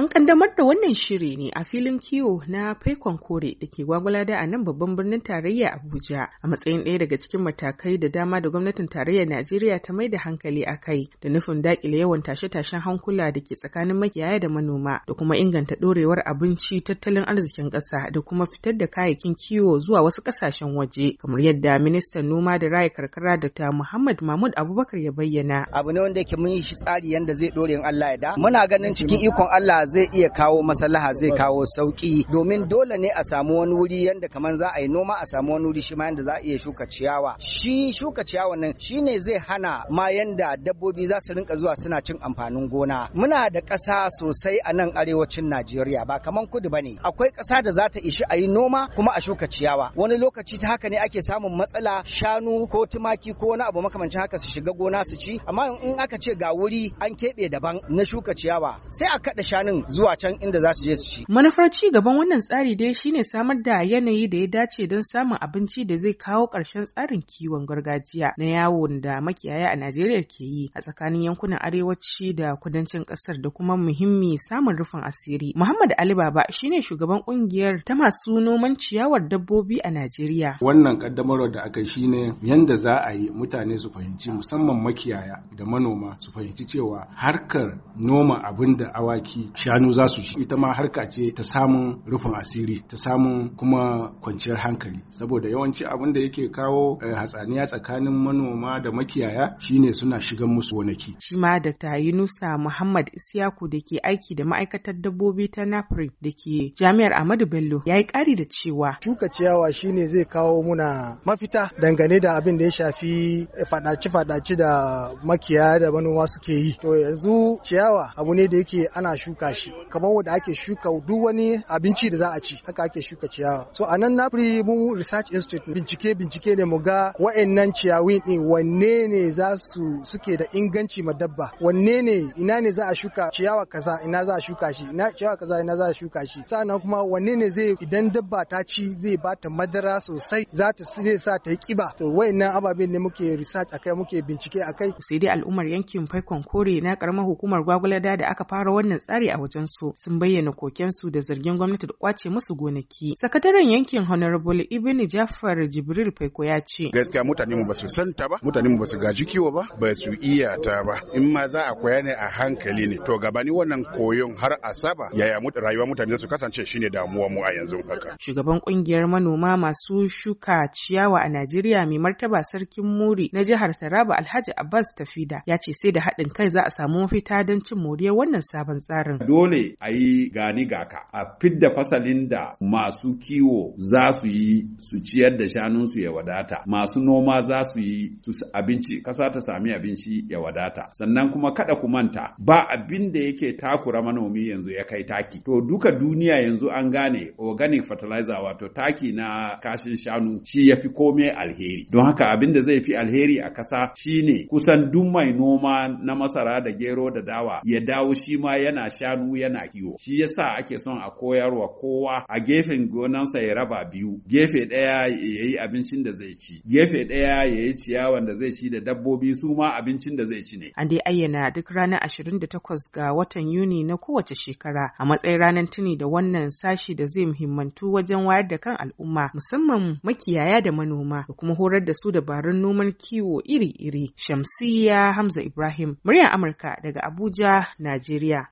An kaddamar da wannan shiri ne a filin kiwo na faikon kore da ke gwagwalada a nan babban birnin tarayya Abuja a matsayin ɗaya daga cikin matakai da dama da gwamnatin tarayyar Najeriya ta mai da hankali a kai da nufin daƙile yawan tashe-tashen hankula da ke tsakanin makiyaya da manoma da kuma inganta ɗorewar abinci tattalin arzikin ƙasa da kuma fitar da kayayyakin kiwo zuwa wasu ƙasashen waje kamar yadda ministan noma da raya karkara da ta Muhammad Mahmud Abubakar ya bayyana. Abu ne wanda yake mun yi shi tsari yanda zai ɗore in Allah ya da. Muna ganin cikin ikon Allah zai iya kawo maslaha zai kawo sauki domin dole ne a samu wani wuri yanda kamar za a yi noma a samu wani wuri shi ma yanda za a iya shuka ciyawa shi shuka ciyawa nan shi ne zai hana ma yanda dabbobi za su rinka zuwa suna cin amfanin gona muna da ƙasa sosai a nan arewacin Najeriya ba kamar kudu ba ne akwai ƙasa da za ta ishi a yi noma kuma a shuka ciyawa wani lokaci ta haka ne ake samun matsala shanu ko tumaki ko wani abu makamancin haka su shiga gona su ci amma in aka ce ga wuri an keɓe daban na shuka ciyawa sai a kaɗa shanun zuwa can inda za su je su ci. Manufar ci gaban wannan tsari dai shine samar da yanayi da ya dace don samun abinci da zai kawo ƙarshen tsarin kiwon gargajiya na yawon da makiyaya a Najeriya ke yi a tsakanin yankunan arewaci da kudancin ƙasar da kuma muhimmi samun rufin asiri. Muhammad Ali Baba shine shugaban ƙungiyar ta masu noman ciyawar dabbobi a Najeriya. Wannan ƙaddamarwar da aka shine yanda za a yi mutane su fahimci musamman makiyaya da manoma su fahimci cewa harkar noma abin da awaki shanu za su ci ita ma harka ce ta samun rufin asiri ta samun kuma kwanciyar hankali saboda yawanci abin da yake kawo eh, hatsaniya tsakanin manoma da makiyaya shine suna shigan musu wanaki. shi ma da nusa Muhammad isyaku da ke aiki da ma'aikatar dabbobi ta Nafri da ke Jami'ar Ahmadu Bello ya yi ƙari da cewa shuka ciyawa shine zai kawo muna mafita dangane da abin da ya shafi fadaci-fadaci da makiyaya da manoma suke yi to yanzu ciyawa abu ne da yake ana shuka shi kamar wanda ake shuka duk wani abinci da za a ci haka ake shuka ciyawa so a nan na nafri mu research institute bincike bincike ne mu ga wa'annan ciyawi din wanne ne za su suke da inganci ma dabba wanne ne ina ne za a shuka ciyawa kaza ina za a shuka shi ina ciyawa kaza ina za a shuka shi sannan kuma wanne ne zai idan dabba ta ci zai ba ta madara sosai za ta zai sa ta yi kiba to wayannan ababen ne muke research akai muke bincike akai sai dai al'ummar yankin faikon kore na karamar hukumar gwagwalada da aka fara wannan tsari a wajen su sun bayyana koken su da zargin gwamnati da kwace musu gonaki. Sakataren yankin Honorable Ibn Jafar Jibril Faiko ya ce. Gaskiya mutane mu ba su ba, mutane mu ba gaji kiwo ba, ba su iya ta ba. In ma za a koya ne a hankali ne. To gabani wannan koyon har asaba? yaya rayuwar mutane su kasance shine damuwa mu a yanzu haka. Shugaban kungiyar manoma masu shuka ciyawa a Najeriya mai martaba sarkin Muri na jihar Taraba Alhaji Abbas Tafida ya ce sai da haɗin kai za a samu mafita don cin moriyar wannan sabon tsarin. dole a yi gani gaka a fidda fasalin da masu kiwo za su yi su ciyar da shanunsu ya wadata masu noma za su yi su abinci kasa ta sami abinci ya wadata sannan kuma kada ku manta ba abin da yake takura manomi yanzu ya kai taki to duka duniya yanzu an gane organic fertilizer wato taki na kashin shanu shi ya fi komai alheri don haka abin da zai fi alheri a kasa shine kusan duk mai noma na masara da gero da dawa ya dawo shi ma yana shanu shanu yana kiwo shi yasa ake son a koyarwa kowa a gefen gonansa ya raba biyu gefe ɗaya ya yi abincin da zai ci gefe ɗaya ya yi ciyawan da zai ci da dabbobi su ma abincin da zai ci ne an dai ayyana duk ranar takwas ga watan yuni na kowace shekara a matsayin ranar tuni da wannan sashi da zai muhimmantu wajen wayar da kan al'umma musamman makiyaya da manoma da kuma horar da su dabarun noman kiwo iri-iri shamsiya hamza ibrahim muryar amurka daga abuja najeriya